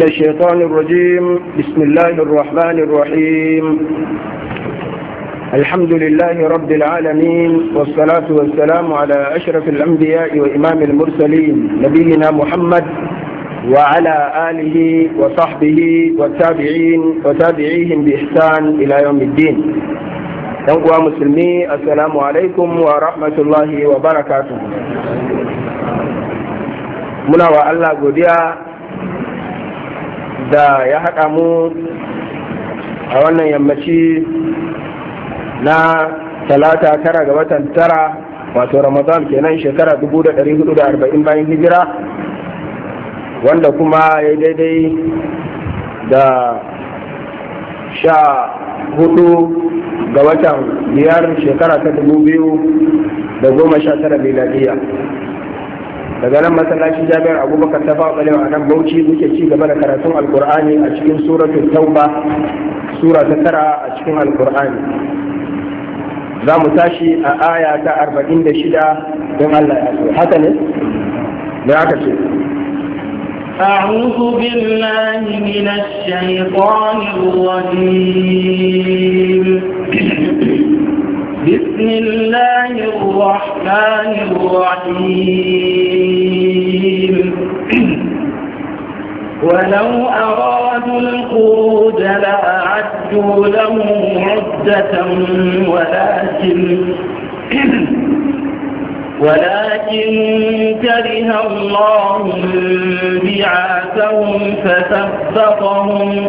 من الشيطان الرجيم بسم الله الرحمن الرحيم الحمد لله رب العالمين والصلاة والسلام على أشرف الأنبياء وإمام المرسلين نبينا محمد وعلى آله وصحبه والتابعين وتابعيهم بإحسان إلى يوم الدين أقوى مسلمي السلام عليكم ورحمة الله وبركاته منا وعلى قديا da ya haɗa mu a wannan yammaci na talata tara ga watan tara wato ramadan kenan shekara 440 bayan hijira wanda kuma ya daidai da sha hudu ga watan biyar shekara ta dubu biyu da goma sha tara daga nan masallaci jami'ar abubakar ta fawa a nan bauchi muke ci gaba da karatun alkur'ani a cikin suratul tauba sura ta tara a cikin alkur'ani za mu tashi a aya ta arba'in da shida don allah ya so haka ne da aka ce أعوذ بالله من الشيطان الرجيم بسم الله الرحمن الرحيم ولو أرادوا الخروج لأعدوا له عدة ولكن ولكن كره الله بعاثهم فثبطهم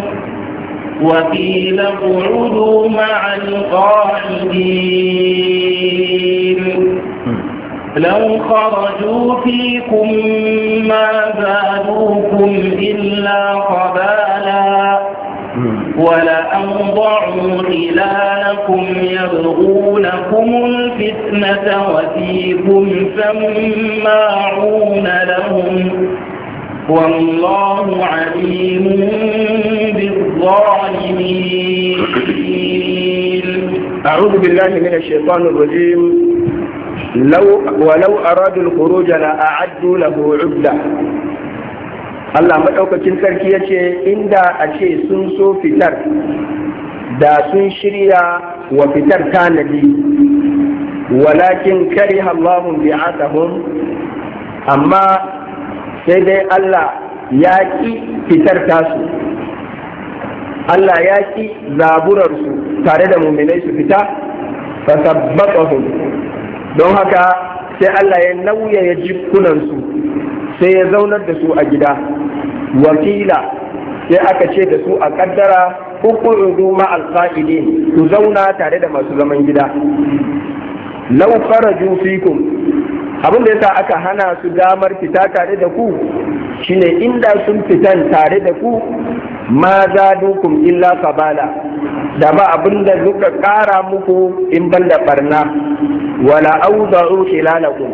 وقيل اقعدوا مع القاعدين لو خرجوا فيكم ما زادوكم إلا قبالا ولأوضعوا خلالكم يبغونكم الفتنة وفيكم سماعون لهم والله عليم بالظالمين الظالمين أعوذ بالله من الشيطان الرجيم لو ولو أرادوا الخروج لأعدوا له عدة Allah maɗaukakin sarki ya ce inda a ce sun so fitar da sun shirya wa fitar tanadi walakin kari Allahun bi'atahum amma sai dai Allah ya ƙi fitar tasu Allah ya ƙi zaburarsu tare da muminai su fita fa sabbatahum don haka sai Allah ya nauya ya jikunansu sai ya zaunar da su a gida wakila sai aka ce da su a kaddara hukudu ma alqaidin ku zauna tare da masu zaman gida law faraju fikum abin da yasa aka hana su damar fita tare da ku shine inda sun fitan tare da ku ma dukun illa kabala da ba abin da suka ƙara muku in ban da barna wala auzaru khilalakum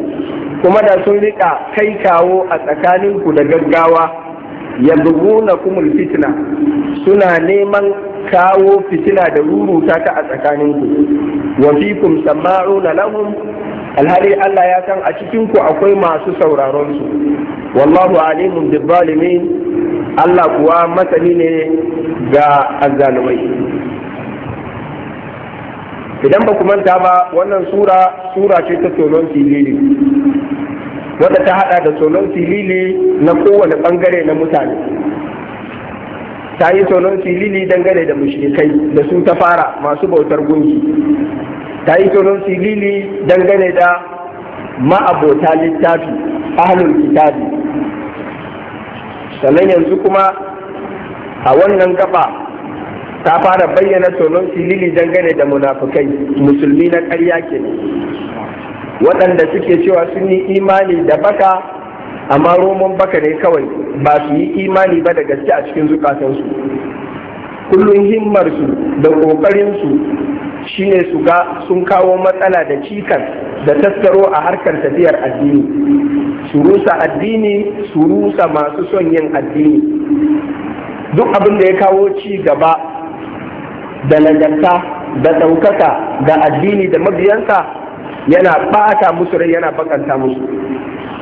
kuma da sun rika kai kawo a tsakaninku da gaggawa ya yabghuna kumul fitna suna neman kawo fitina da ruruta ta a tsakaninku wa fikum sama'una lahum alhali Allah ya san a cikin ku akwai masu sauraron su wallahu alimun bi Allah kuwa masani ne ga azzalumai idan ba ku manta ba wannan sura sura ce ta tsoron filili wadda ta hada da tsoron filili na kowane bangare na mutane ta yi tsoron filili dangane da mushrikai da sun ta fara masu bautar gunki ta yi tonon sirili dangane da ma'abota littafi ahlul kitabi sannan yanzu kuma a wannan gaba ta fara bayyana tonon sirili dangane da munafukai musulmi na ƙarya ke waɗanda suke cewa sun yi imani da baka amma roman baka ne kawai ba su yi imani ba da gaske a cikin zukatansu kullum himmarsu da ƙoƙarinsu shine su ga sun kawo matsala da cikas da taskaro a harkar tafiyar addini surusa addini surusa masu son yin addini duk abin da ya kawo ci gaba da nagarta da ɗaukaka da addini da mabiyansa yana ɓata musu rai yana bakanta musu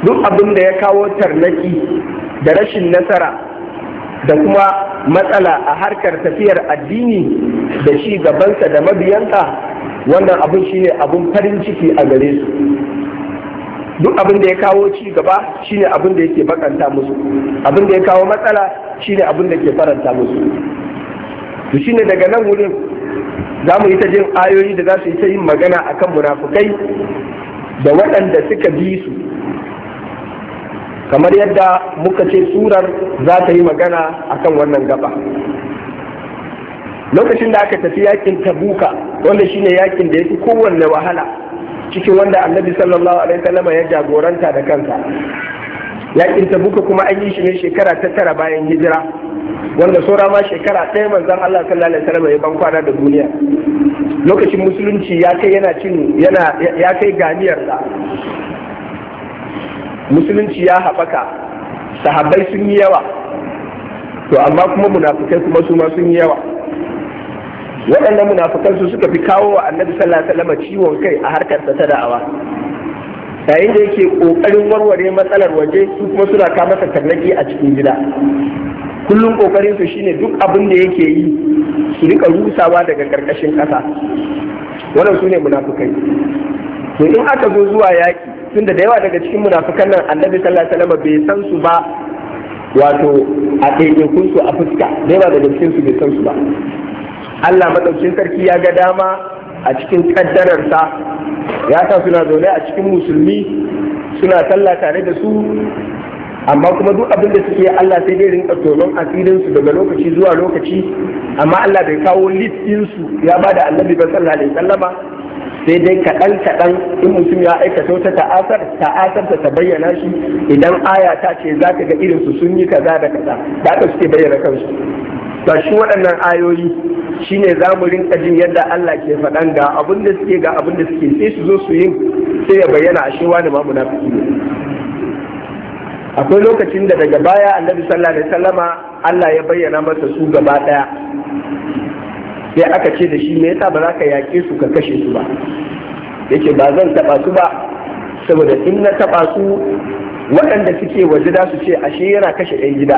duk abin da ya kawo tarnaki da rashin nasara da kuma matsala a harkar tafiyar addini da shi gabansa da mabiyansa wannan abin ne abin farin ciki a gare su duk abin da ya kawo ci gaba shine abin da yake bakanta musu abin da ya kawo matsala shine abin da ke faranta musu to shine daga nan wurin za mu yi ta jin ayoyi da za su yi ta yin magana akan munafukai da waɗanda suka bi su kamar yadda muka ce surar za ta yi magana a kan wannan gaba lokacin da aka tafi yakin tabuka wanda shine yakin da ya fi kowanne wahala cikin wanda annabi sallallahu alaihi wasallam ya jagoranta da kansa yakin tabuka kuma an yi shi ne shekara ta tara bayan hijira wanda saura ma shekara ɗaya manzon Allah sallallahu alaihi wasallam ya ban kwana da duniya lokacin musulunci ya kai yana cin yana ya kai ganiyar musulunci ya haɓaka sahabbai sun yi yawa to amma kuma munafukai kuma su ma sun yi yawa waɗannan munafukan su suka fi kawo wa annabi sallallahu alaihi wasallam ciwon kai a harkar ta da'awa yayin da yake kokarin warware matsalar waje su kuma suna ka masa tarnaki a cikin gida kullum kokarin su shine duk abin da yake yi su rika rusawa daga karkashin ƙasa wannan su ne munafukai to in aka zo zuwa yaki tunda da yawa daga cikin munafikan nan annabi sallallahu alaihi wasallam bai san su ba wato a ɗaiɗaikun su a fuska da yawa daga cikin su bai san su ba Allah madaukin sarki ya ga dama a cikin kaddararsa ya sa suna zaune a cikin musulmi suna sallah tare da su amma kuma duk abin da suke Allah sai dai rinka tonon asirin su daga lokaci zuwa lokaci amma Allah bai kawo lit din su ya bada annabi ba sallallahu alaihi wasallama sai dai kaɗan kaɗan in mutum ya aikata wata ta'asar ta'asar ta bayyana shi idan aya ta ce za ka ga irinsu sun yi kaza da kaza da aka suke bayyana kansu ba shi waɗannan ayoyi shine za mu rinka jin yadda Allah ke faɗan ga abin da suke ga abin da suke sai su zo su yi sai ya bayyana a shewa da mamuna ne akwai lokacin da daga baya annabi sallallahu alaihi wasallama Allah ya bayyana masa su gaba ɗaya sai aka ce da shi me yasa ba za ka yaƙe su ka kashe su ba yake ba zan taɓa su ba saboda in na taɓa su waɗanda suke waje da su ce ashe yana kashe 'yan gida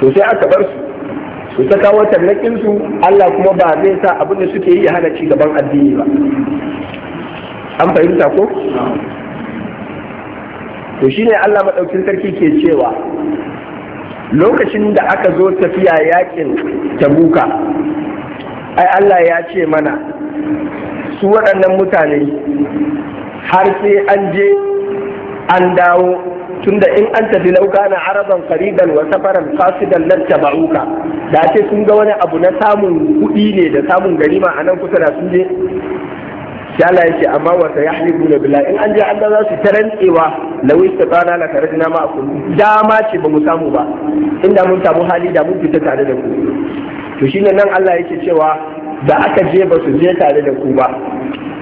to sai aka bar su su ta kawo tallakin su Allah kuma ba zai sa abin da suke yi ya hana ci gaban addini ba an fahimta ko to shine Allah madaukin sarki ke cewa lokacin da aka zo tafiya yakin tabuka ai Allah ya ce mana su waɗannan mutane har sai an je an dawo tunda in an tafi lauka na araban Faridan wa safaran fasidan ta ba'uka da ce sun ga wani abu na samun kuɗi ne da samun ganima a nan kusa da sun je Shi Allah ya ce amma wata ya yahlibu na bila in an je Allah za su ta rantsewa na tare da nama a kullum. dama ce ba mu samu ba inda mun samu hali da mun fita tare da ku to shine nan Allah yake cewa da aka je ba su je tare da ku ba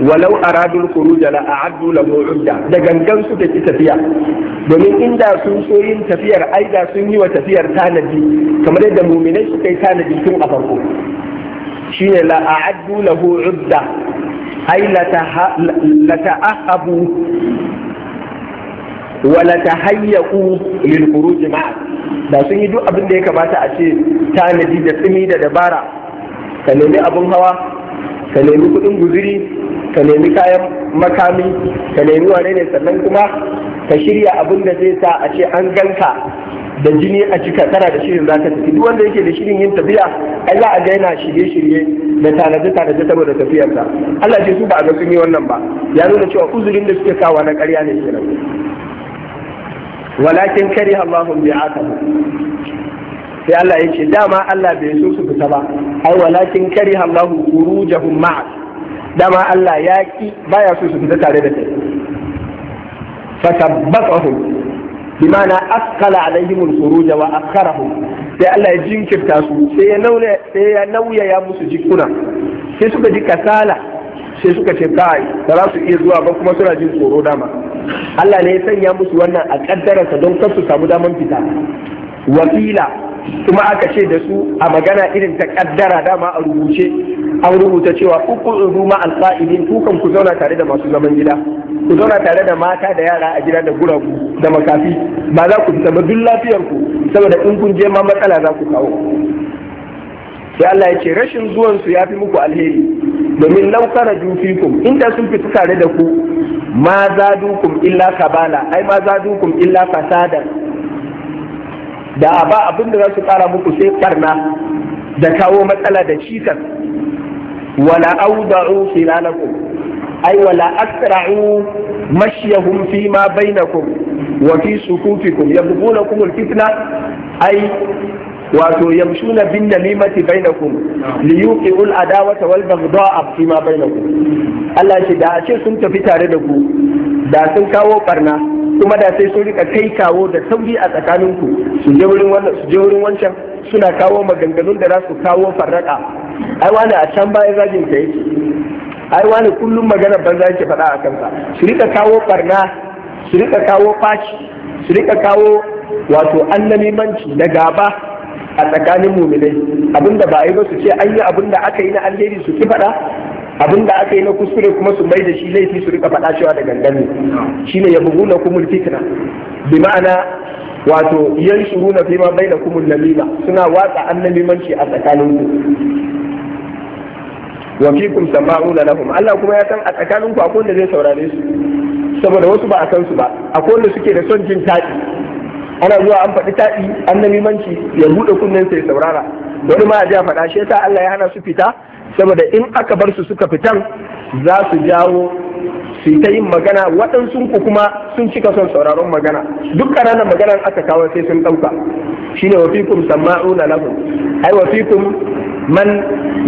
walau aradul khuruja la a'addu lahu udda da gangan suka ki tafiya domin inda sun so yin tafiyar Aida sun yi wa tafiyar tanadi kamar yadda mu'minai suka yi tanadi tun a farko shine la a'addu lahu udda ay la wa la lil khuruj ma'a da sun yi duk abin da ya kamata a ce tanadi da tsimi da dabara ka nemi abin hawa ka nemi kudin guziri ka nemi kayan makami ka nemi wane ne sannan kuma ka shirya abin da zai sa a ce an ganka da jini a cika tara da shirin za ta tafi duk wanda yake da shirin yin tafiya ai za a ga yana shirye-shirye da tanaje tanaje saboda tafiyarsa Allah ce su ba a ga sun yi wannan ba ya nuna cewa uzurin da suke kawa na ƙarya ne kenan walakin kariha Allahu bi'atahu sai Allah ya ce dama Allah bai so su fita ba ai walakin kariha Allahu khurujahum ma'a dama Allah ya ki baya so su fita tare da kai fasabbaqahum bimana askala alaihim alkhuruj wa akharahum sai Allah ya jinkirta su sai ya nauya sai ya nauya ya musu jikuna sai suka ji kasala sai suka ce kai ba za su iya zuwa ba kuma suna jin tsoro dama Allah ne ya sanya musu wannan a kaddararsa don kar su samu daman fita wakila kuma aka ce da su a magana irin ta kaddara dama a rubuce an rubuta cewa uku in ruma alfa'idin kukan ku zauna tare da masu zaman gida ku zauna tare da mata da yara a gida da guragu da makafi ba za ku fita ba duk lafiyar ku saboda in kun je ma matsala za ku kawo sai Allah ya ce rashin zuwan su fi muku alheri domin lau jufi fikum inda sun fita tare da ku ma zadukum illa kabala ai ma zadukum illa fasada da ba abin da za su kara muku sai barna da kawo matsala da cikas wala auda'u khilalakum ay wala asra'u mashyahum fi ma bainakum wa fi sukufikum yabghunakum alfitna ay wato yamshuna bin namimati bainakum li yuqi'u al wal baghda'a fi ma bainakum Allah shi da a ce sun tafi tare da ku da sun kawo barna kuma da sai sun rika kai kawo da sauri a tsakaninku su je wurin wannan su je wurin wancan suna kawo maganganun da za su kawo farraka ai wani a can baya zagin ka yake ai wani kullum magana za ki faɗa a kansa su rika kawo barna su rika kawo faci su rika kawo wato annamimanci da gaba a tsakanin muminai abinda ba a yi ba su ce an yi abinda aka yi na alheri su ki faɗa abin da aka yi na kuskure kuma su mai da shi laifi su rika faɗa cewa da Shi ne ya bugu na kumul fitna bi ma'ana wato yan shuru na fima bai da kumul namima suna watsa an annamimanci a tsakanin ku wa fikum na lahum Allah kuma ya san a tsakanin ku akwai wanda zai saurare su saboda wasu ba a san su ba akwai wanda suke da son jin taɗi ana zuwa an faɗi taɗi an annamimanci ya buɗe kunnen sai saurara wani ma a faɗa shi ya sa Allah ya hana su fita saboda in aka bar su suka fitan za su jawo su ta yin magana waɗansu ku kuma sun cika son sauraron magana duk ƙananan maganar aka kawo sai sun ɗauka Shi shine wafikun fikum na lahum ai wa fikum man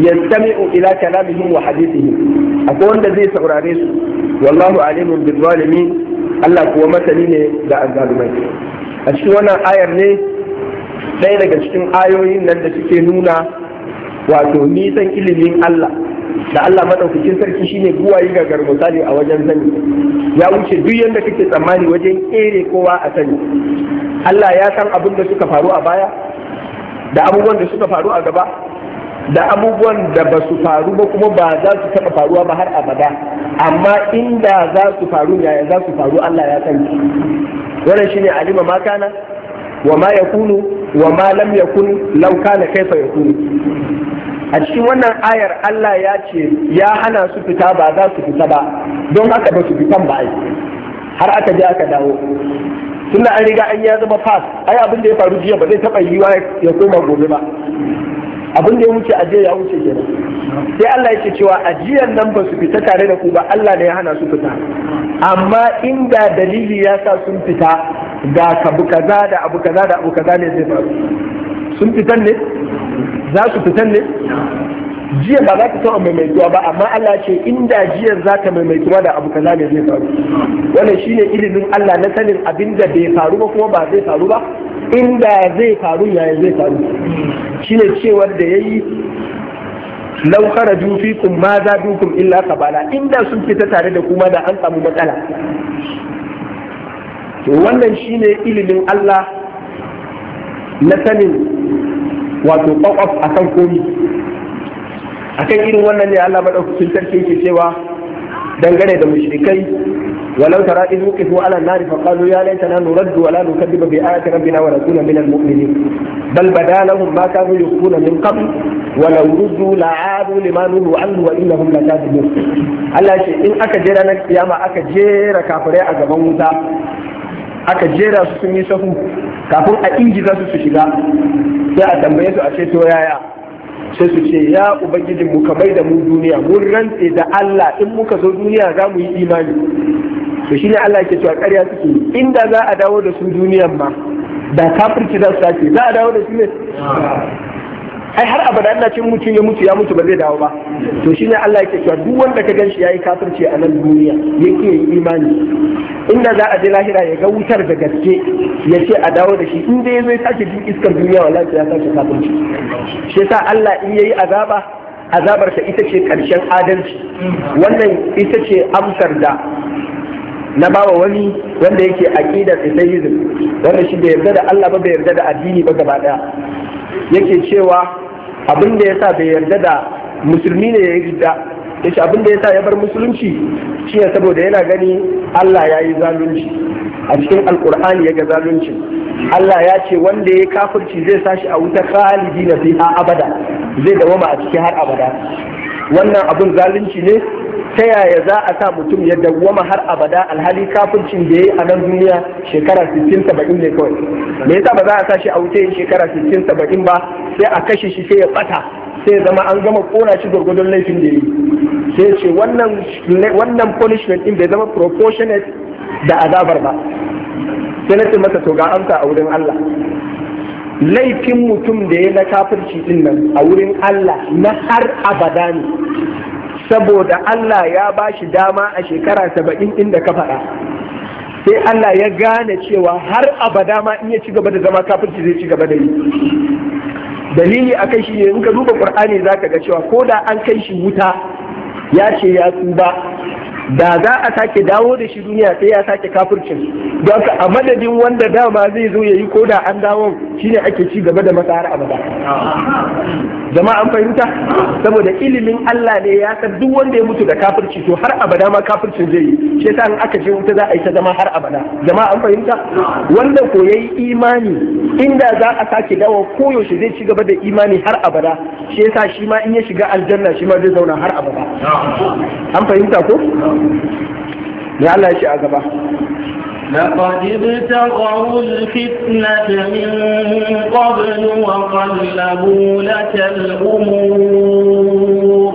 yastami'u ila kalamihim wa hadithihim akwai wanda zai saurare su wallahu alimun bil Allah kuwa masani ne ga azzalumai a cikin wannan ayar ne ɗaya daga cikin ayoyin nan da suke nuna wato nisan ilimin Allah da Allah maɗaukacin sarki shine guwayi ga misali a wajen sani ya wuce duk yadda kake tsammani wajen kere kowa a sani Allah ya san abin da suka faru a baya da abubuwan da suka faru a gaba da abubuwan da ba su faru ba kuma ba za su taɓa faruwa ba har abada amma inda za su faru yaya za su faru Allah ya san wannan shine alima ma wa ma yakunu wa ma lam yakun law kana kaifa yakunu a cikin wannan ayar Allah ya ce ya hana su fita ba za su fita ba don haka ba su fitan ba ai har aka je aka dawo tunda an riga an ya zama fas ai abin da ya faru jiya ba zai taba yiwa ya koma gobe ba abin da ya wuce aje ya wuce kenan sai Allah ya ce cewa ajiyan nan ba su fita tare da ku ba Allah ne ya hana su fita amma inda dalili ya sa sun fita ga kabu kaza da abu kaza da abu kaza ne zai faru sun fitan ne za su fitan ne jiya ba za ta taɓa maimaituwa ba amma Allah ce inda jiya za ta maimaituwa da abu kaza ne zai faru wannan shine ilimin Allah na sanin abin da bai faru ba kuma ba zai faru ba inda zai faru yaya zai faru shine cewar da yayi law kharaju fikum ma zadukum illa kabala inda sun fita tare da kuma da an samu matsala to wannan shine ilimin Allah na sanin wato kwakwaf a kan komi a kan irin wannan ne Allah maɗaukacin sarki yake cewa dangane da mushrikai walau tara idh wuqifu ala an-nar fa qalu ya laitana nuraddu wa la nukadiba bi ayati rabbina wa nakuna min al-mu'minin bal bada lahum ta kanu yukhuna min qabl wa law ruddu la'adu lima nuhu anhu wa innahum lakadibun Allah ce in aka je ranar kiyama aka jera kafirai a gaban wuta aka jera su sun yi safu. kafin a ingiza su su shiga sai a tambaye su a ce to yaya sai su ce ya ubangijin mu kamar da mu duniya mun rantse da Allah in muka zo duniya za mu yi imani to shine Allah ke cewa ƙarya suke inda za a dawo da su duniyan ma da kafirci za su sake za a dawo da su ne ai har abada Allah cin mutum ya mutu ya mutu ba zai dawo ba to shine Allah yake cewa duk wanda ka ganshi yayi kafirci a nan duniya yake yi imani inda za a je lahira ya ga wutar da gaske ya ce a dawo da shi in dai zai sake duk iskar duniya wallahi ya sake kafirci shi yasa Allah in yayi azaba azabar ta ita ce karshen adalci wannan ita ce amsar da na bawa wani wanda yake aqidar isaizm wanda shi bai yarda da Allah ba bai yarda da addini ba gaba daya yake cewa abin da ya sa bai yarda da musulmi ne ya yi ya ce abin da ya sa ya bar musulunci shi ne saboda yana gani Allah ya yi zalunci a cikin alkur'ani ya ga zalunci Allah ya ce wanda ya kafirci zai sashi a wuta khalidi na fiha abada zai dawama a ciki har abada wannan abin zalunci ne ta yaya za a sa mutum ya dawwama har abada alhali kafircin da ya yi a nan duniya shekara 60-70 ne kawai me yasa ba za a sa shi a wuce shekara 60-70 ba sai a kashe shi sai ya bata sai zama an gama kona shi gwargwadon laifin da ya yi sai ce wannan punishment din bai zama proportionate da azabar ba sai na ce masa to ga amsa a wurin Allah laifin mutum da ya na kafirci din nan a wurin Allah na har abada ne saboda Allah ya ba shi dama a shekara saba'in inda ka faɗa sai Allah ya gane cewa har abada ma in ya ci gaba da zama kafirci zai ci gaba da yi dalili a kai shi ne in ka duba ƙur'ani za ka ga cewa ko da an kai shi wuta ya ce ya tuba da za a sake dawo da shi duniya sai ya sake kafircin don a madadin wanda dama zai zo ya yi ko da an dawo shine ake ci gaba da masara abada Zama an fahimta saboda ilimin Allah ne ya san duk wanda ya mutu da kafirci to har abada ma kafircin zai yi shi yasa in aka je wuta za a yi ta zama har abada Zama an fahimta wanda ko yayi imani inda za a sake dawo koyaushe zai ci gaba da imani har abada shi yasa shi ma in ya shiga aljanna shi ma zai zauna har abada an fahimta ko me يا ya ce لقد ابتغوا الفتنة من قبل وقلبوا لك الأمور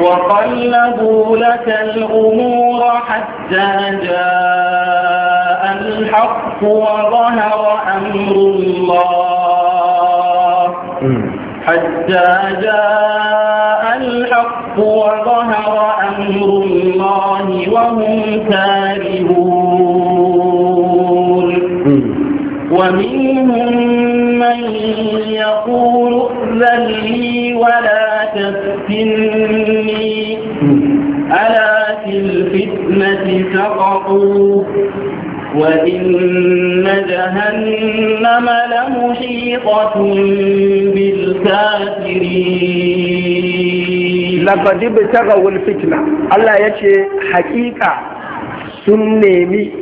وقلبوا لك الأمور حتى جاء الحق وظهر أمر الله حتى جاء الحق وظهر أمر الله وهم كارهون ومنهم من يقول ائذن لي ولا تفتني ألا في الفتنة سقطوا وإن جهنم لمحيطة بالله ta ibtaghawul fitna Allah yace haƙiƙa sun nemi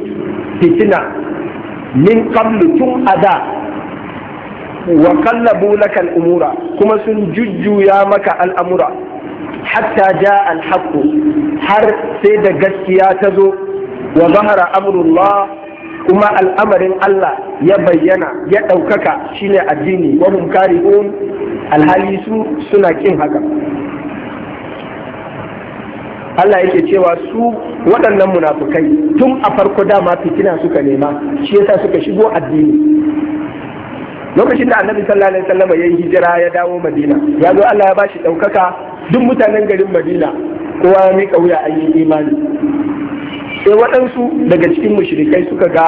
fitina min qablu tun ada wa qallabu laka umura kuma sun jujjuya maka al'amura hatta ja alhaku har sai da gaskiya ta zo wa zahara amrullah kuma al'amarin Allah ya bayyana ya ɗaukaka shine addini wa hum kari'un alhali su suna ƙin haka Allah yake cewa su waɗannan munafukai tun a farko dama fitina suka nema shi yasa suka shigo addini lokacin da annabi sallallahu alaihi wasallam ya yi hijira ya dawo madina ya zo Allah ya bashi ɗaukaka duk mutanen garin madina kowa ya mika wuya an yi imani sai waɗansu daga cikin mushrikai suka ga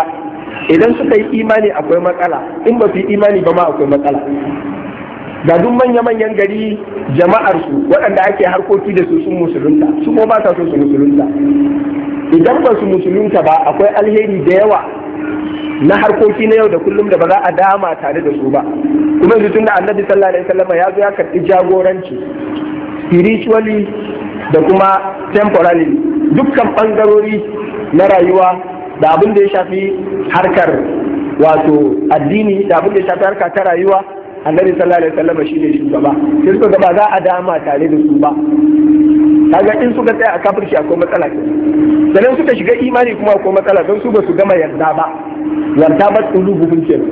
idan suka yi imani akwai matsala in ba su yi imani ba ma akwai matsala ga duk manya-manyan gari jama'ar su waɗanda ake harkoki da su sun musulunta su ko ba sa so su musulunta idan ba su musulunta ba akwai alheri da yawa na harkoki na yau da kullum da ba za a dama tare da su ba kuma yanzu tun da annabi sallallahu alaihi wasallam ya zo ya karɓi jagoranci spiritually da kuma temporarily dukkan bangarori na rayuwa da abin da ya shafi harkar wato addini da abin da ya shafi harka ta rayuwa annabi sallallahu alaihi wasallam shi ne shugaba sai suka ba za a dama tare da su ba kaga in suka tsaya a kafirci akwai matsala ke in suka shiga imani kuma akwai matsala don su ba su gama yarda ba yarda ba qulubuhum kenan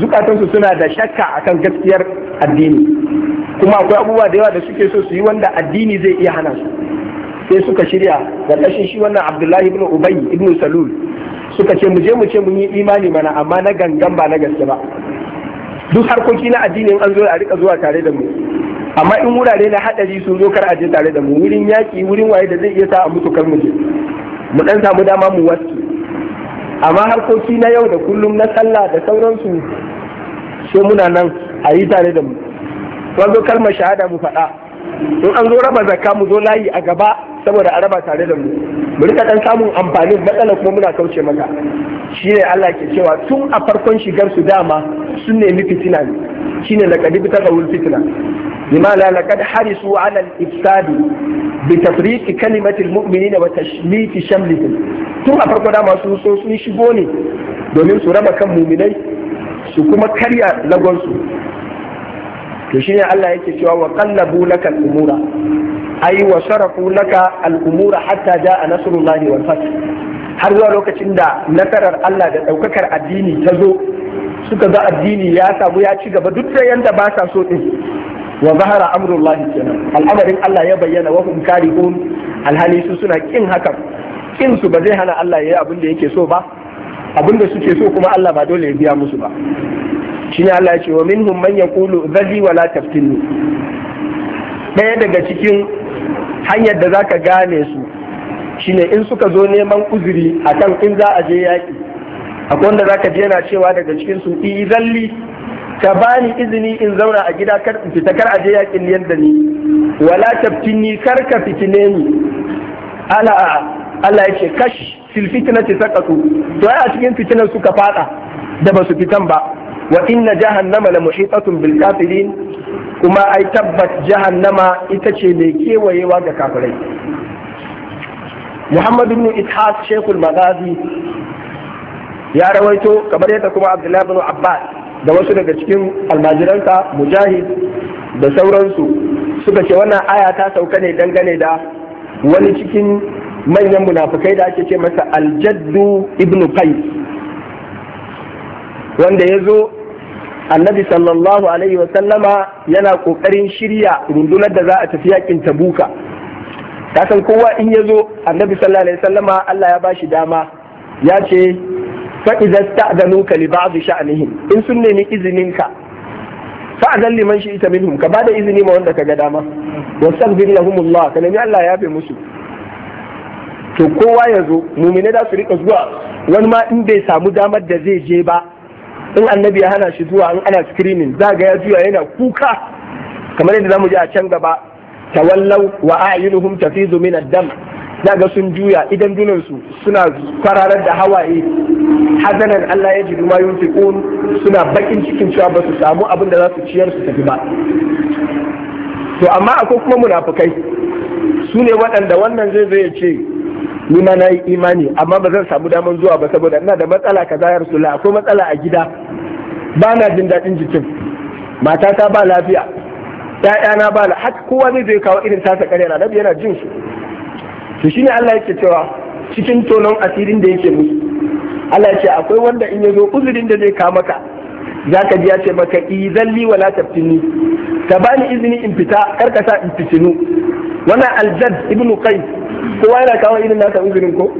zukatansu suna da shakka akan gaskiyar addini kuma akwai abubuwa da yawa da suke so su yi wanda addini zai iya hana su sai suka shirya kashin shi wannan abdullahi ibn ubay ibn salul suka ce mu je mu ce mun yi imani mana amma na gangan ba na gaske ba duk harkoki na addini an zo a rika zuwa tare da mu amma in wurare na hadari sun zo kar a je tare da mu wurin yaki wurin waye da zai iya sa a mutu kar mu je mu dan samu dama mu wasu amma harkoki na yau da kullum na sallah da sauransu sai muna nan a yi tare da mu zo kalmar shahada mu faɗa in an zo raba zakka mu zo layi a gaba saboda a raba tare da mu mu rika dan samun amfanin matsala kuma muna kauce maka ne Allah ke cewa tun a farkon shigar su dama sun nemi fitina ne shine laqad bitagawul fitna لما لا لقد حرصوا على الإفساد بتفريق كلمة Tun a farko dama أفرقوا so sun shigo ne domin su raba kan muminai su kuma karya lagonsu to shine Allah yake cewa wa qallabu lakal umura ai wa sharafu laka al'umura hatta ja'a nasrullahi wal fath har zuwa lokacin da nasarar Allah da ɗaukakar addini ta zo suka ga addini ya samu ya ci gaba duk da yanda ba sa so din wa zahara amrullahi kenan al'amarin Allah ya bayyana wa hum karihun alhali su suna kin haka kin su ba zai hana Allah ya yi abin da yake so ba abin da suke so kuma Allah ba dole ya biya musu ba shine Allah ya ce wa minhum man yaqulu wa la taftini daya daga cikin hanyar da za ka gane su shine in suka zo neman uzuri kan in za a je yaƙi akwai wanda za ka je yana cewa daga cikin su zalli, ka bani izini in zauna a gida kar in fita kar a je yaƙin yadda ni wala taftini kar ka fitine ni ala Allah ya ce kash fil fitnati to a cikin fitinar suka fada da ba su fitan ba wa inna jahannama la muhitatun bil kafirin kuma ai tabbat jahannama ita ce mai kewayewa ga kafirai muhammad ibn ishaq shekul magazi ya rawaito kamar yadda kuma abdullahi bin abbas da wasu daga cikin almajiransa mujahid da sauransu suka ce wannan aya ta sauka ne dangane da wani cikin manyan munafukai da ake ce masa aljaddu ibn qais wanda ya zo annabi sallallahu alaihi wasallama yana kokarin shirya rundunar da za a tafi yakin tabuka ka san kowa in ya zo annabi sallallahu alaihi wasallama Allah ya bashi dama ya ce fa idza sta'danuka li ba'd sha'nihim in sun nemi izinin ka fa adan liman shi ita minhum ka bada izini ma wanda kaga dama wastaghfir lahumullah ka nemi Allah ya yafe musu to kowa ya zo mumine da su rika zuwa wani ma in bai samu damar da zai je ba in annabi ya hana shi zuwa in ana screening za ga ya juya yana kuka kamar yadda zamu ji a can gaba tawallaw wa a'yunuhum tafizu min ad-dam za ga sun juya idan su suna kwararar da hawaye hazanan Allah ya ji ma yunfiqun suna bakin cikin cewa ba su samu abin da za su ciyar su tafi ba to amma akwai kuma munafukai su ne waɗanda wannan zai zai ce ni ma na yi imani amma ba zan samu daman zuwa ba saboda ina da matsala kaza ya rasulullah akwai matsala a gida ba na jin daɗin jikin matata ba lafiya ‘ya'yana ba har kowa zai zai kawo irin tasa ƙarya na yana jin su to shine Allah yake cewa cikin tonon asirin da yake musu Allah ya ce akwai wanda in ya zo uzurin da zai kawo maka za ka ji ya ce maka izalli wala taftini ka bani izini in fita kar sa in fitinu wannan aljad ibnu qais kowa yana kawo irin nasa uzurin ko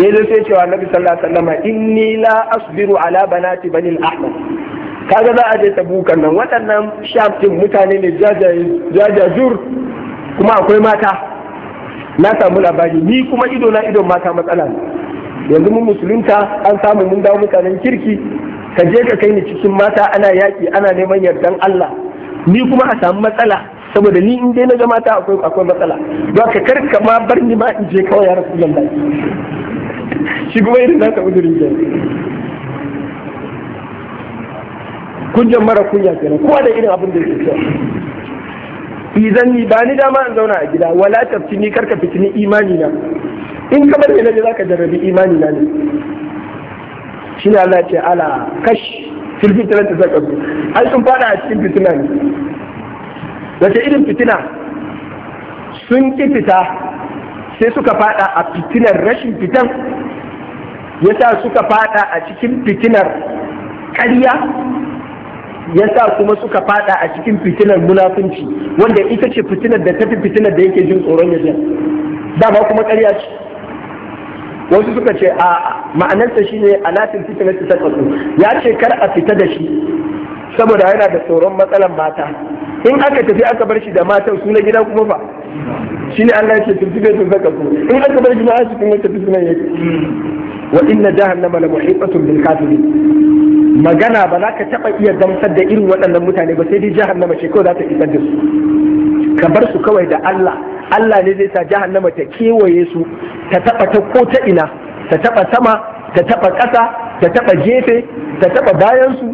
da ya zo sai cewa nabi sallallahu alaihi wasallam inni la asbiru ala banati bani al-ahmad kaga za a je tabukan nan waɗannan shafin mutane ne jajajur kuma akwai mata na samu labari ni kuma ido na ido mata matsala yanzu mun musulunta an samu mun dawo mutanen kirki ka je ka kai ni cikin mata ana yaƙi ana neman yardan Allah ni kuma a samu matsala saboda ni in dai na ga mata akwai akwai matsala ba ka karka ma bar ni ma in je kawai ya rasu lallai! shi kuma irin nasa udurin kenan kunjan mara kunya kenan kowa da irin abin da yake so idan ni ba ni dama in zauna a gida wala tafsini karka fitini imani na in kamar me naje zaka jarrabi imani na ne shine Allah ce ala kash fil fitnati zakazu ai sun fada a cikin fitina ne wace irin fitina sun ki fita sai suka fada a fitinar rashin fitan yasa suka fada a cikin fitinar ƙarya Ya sa kuma suka fada a cikin fitinar munafunci wanda ita ce fitinar da tafi fitinar da yake jin tsoron ya dama kuma ƙarya ce wasu suka ce a ma'anarsa shine alatin fitinar ta tsatsu ya ce kar a fita da shi saboda yana da tsoron matsalan mata in aka tafi aka bar shi da matan su na gida kuma fa shine Allah yake tuntuɓe sun saka ku in aka bar shi ma cikin wata fitinar yake wa inna jahannama la muhitatun bil kafirin magana ba za ka taɓa iya gamsar da irin waɗannan mutane ba sai dai jahannama ce kawai za ta isar da su ka bar su kawai da Allah Allah ne zai sa jihar jahannama ta kewaye su ta taɓa ta ko ta ina ta taɓa sama ta taɓa ƙasa ta taɓa gefe ta taɓa bayansu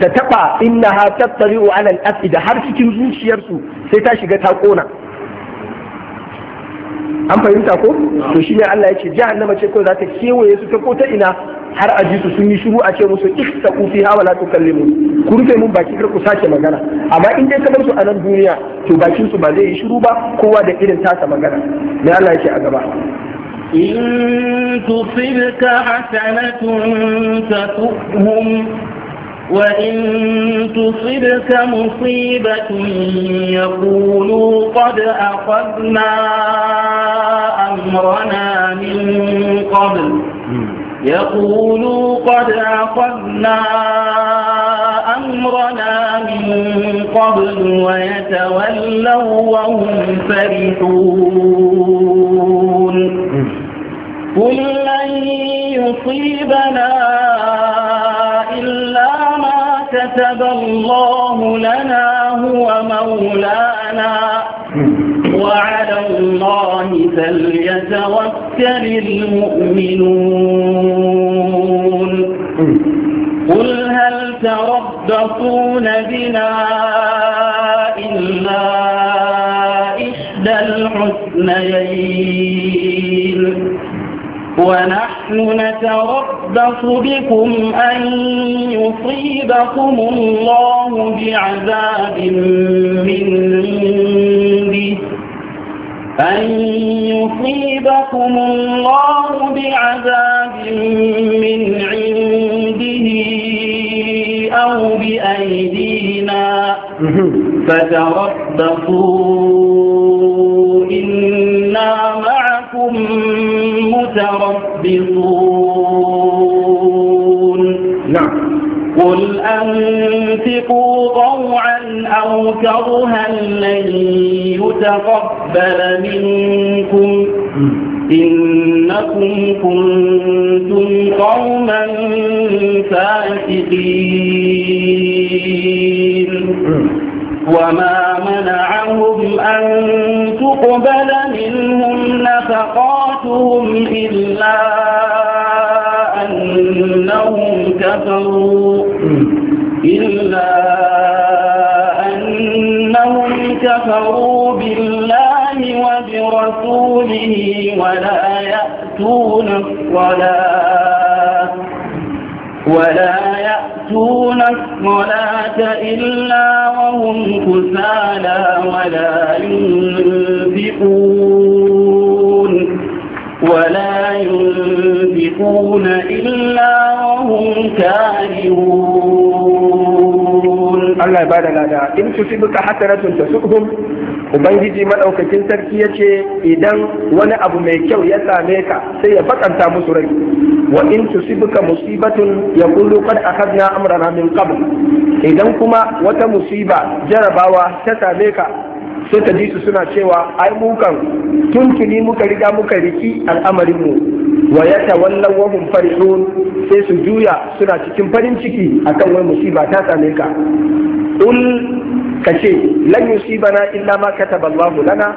ta taɓa innaha tattari'u alal al da har cikin zuciyarsu sai ta shiga ta ƙona an fahimta ko to shi ne Allah ya ce jahannama ce ko za ta kewaye su ta ko ta ina har a ji su sun yi shiru a ce musu hawa fiha wala tukallimu ku rufe mun baki kar ku sake magana amma in dai ka bar su a nan duniya to bakin su ba zai yi shiru ba kowa da irin tasa magana me Allah yake a gaba in tusibka حسنة tatuhum وإن تصبك مصيبة يقولوا قد أخذنا أمرنا من قبل يقولوا قد أخذنا أمرنا من قبل ويتولوا وهم فرحون قل لن يصيبنا إلا كتب الله لنا هو مولانا وعلى الله فليتوكل المؤمنون قل هل تربصون بنا إلا إحدى الحسنيين ونحن نحن نتربص بكم أن يصيبكم الله بعذاب من عنده أن يصيبكم الله بعذاب من عنده أو بأيدينا فتربصوا إنا معكم متربصون تلقوا طوعا أو كرها لن يتقبل منكم إنكم كنتم قوما فاسقين وما منعهم أن تقبل منهم نفقاتهم إلا دونه ولا يأتون الصلاة ولا يأتون الصلاة إلا وهم كسالى ولا ينفقون ولا ينفقون إلا وهم كارهون الله يبارك لنا إن تصيبك حسنة تسؤهم ubangiji madaukakin sarki ya ce idan wani abu mai kyau ya same ka sai ya faɗanta musu rai wa in tusibuka musibatun yaqulu qad akhadna amrana min qabl idan kuma wata musiba jarabawa ta same ka sai ta ji su suna cewa ai mu kan tuntuni muka riga muka riki al'amarin mu wa yatawallaw wa hum farihun sai su juya suna cikin farin ciki akan wani musiba ta same ka ka ce lan yusibana illa ma kataba Allahu lana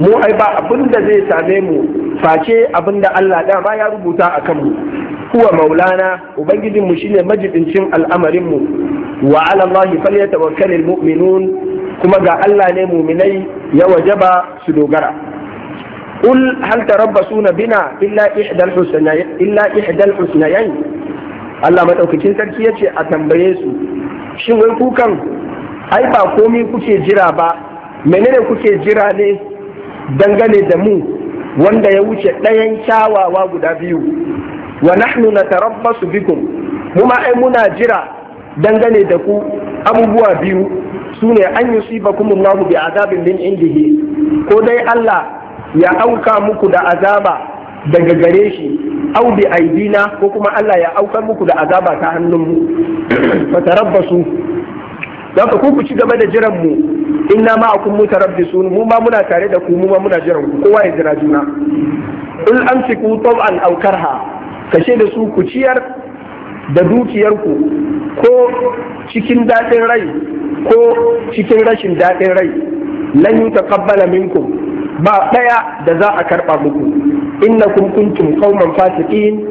mu ai ba abin da zai same mu face abin da Allah dama ya rubuta a kanmu huwa maulana ubangijin mu shine majibincin al'amarinmu wa ala Allah falyatawakkalul mu'minun kuma ga Allah ne muminai ya wajaba su dogara قل هل تربصون بنا إلا إحدى الحسنيين إلا إحدى الحسنيين Allah maɗaukacin sarki ya ce a tambaye su shin wai kukan ai ba komi kuke jira ba menene kuke jira ne dangane da mu wanda ya wuce ɗayan kyawawa guda biyu wa nahnu natarabbasu bikum mu ma ai muna jira dangane da ku abubuwa biyu sune an yusibakum Allahu bi azabin min indihi ko dai Allah ya auka muku da azaba daga gare shi au bi aidina ko kuma Allah ya auka muku da azaba ta hannunmu fa tarabbasu don ku ci gaba da jiran mu inna ma akun mutarabbisun mu ma muna tare da ku mu ma muna jiran ku kowa ya jira juna in amsiku taw'an aw karha kashe da su ku ciyar da dukiyar ku ko cikin dadin rai ko cikin rashin daɗin rai lan yi taqabbala minkum ba daya da za a karɓa muku innakum kuntum qauman fasiqin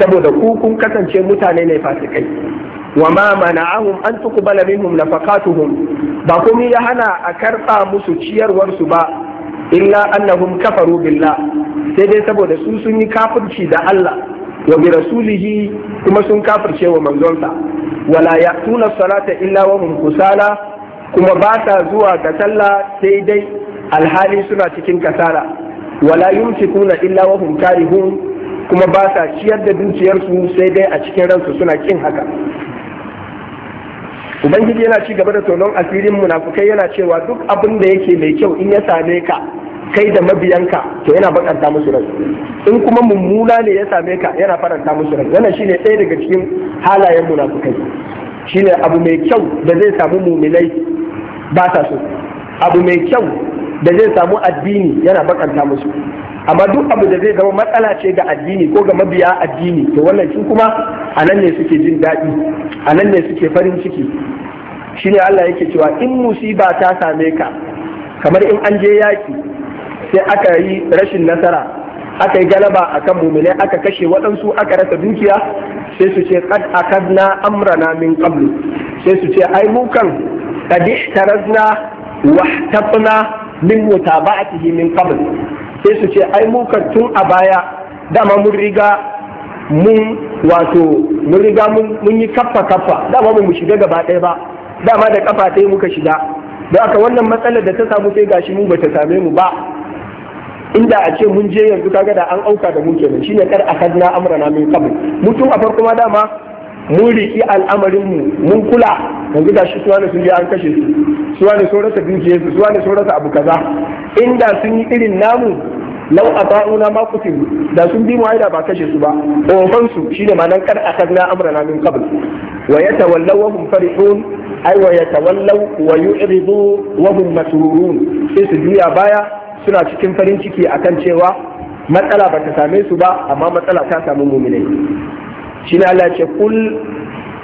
saboda ku kun kasance mutane ne fasikai wa ma mana'ahum an tuqbala minhum nafaqatuhum ba kuma ya hana a karba musu ciyarwar su ba illa annahum kafaru billah sai dai saboda su sun yi kafirci da Allah wa bi rasulihi kuma sun kafirce wa manzonsa wala ya'tuna salata illa wa hum kusala kuma ba ta zuwa ga sallah sai dai alhali suna cikin kasala wala yumsikuna illa wa hum karihun kuma ba sa ciyar da dukiyarsu sai dai a cikin ransu suna kin haka ubangiji yana ci gaba da tonon asirin munafukai yana cewa duk abin da yake mai kyau in ya same ka kai da mabiyanka to yana bakanta musu rai in kuma mummuna ne ya same ka yana faranta musu rai wannan shine ɗaya daga cikin halayen munafukai shine abu mai kyau da zai samu muminai ba sa so abu mai kyau da zai samu addini yana bakanta musu amma duk abu da zai zama matsala ce ga addini ko ga mabiya addini to wannan shi kuma a nan ne suke jin daɗi a nan ne suke farin ciki shine Allah yake cewa in musiba ta same ka kamar in an je yaƙi, sai aka yi rashin nasara aka yi galaba a akan mumine aka kashe waɗansu aka rasa dukiya sai su ce kad akadna amrana min qablu sai su ce ai mu kan kad ihtarazna wa min mutaba'atihi min qabl sai su ce ai mu tun a baya dama mun riga mun wato mun riga mun yi kaffa kaffa dama mu shiga gaba ɗaya ba dama da kafa ɗaya muka shiga don aka wannan matsalar da ta samu sai gashi mu bata same mu ba inda a ce mun je yanzu kaga da an auka da mu kenan shine kar akadna amrana min qabl mutum a farko ma dama mun riki al'amarin mu mun kula yanzu ga shi ne sun je an kashe su ne sun rasa dukiyar su ne sun rasa abu kaza inda sun yi irin namu lau a ba'una ma kutilu da sun bi mu ba kashe su ba ofan su shine ma'anar kar akadna na min qabl wa yatawallaw wa hum farihun ay wa yatawallaw wa yu'ridu wa hum masrurun sai su juya baya suna cikin farin ciki akan cewa matsala ba ta same su ba amma matsala ta samu mu'minai shi na Allah ya ce kul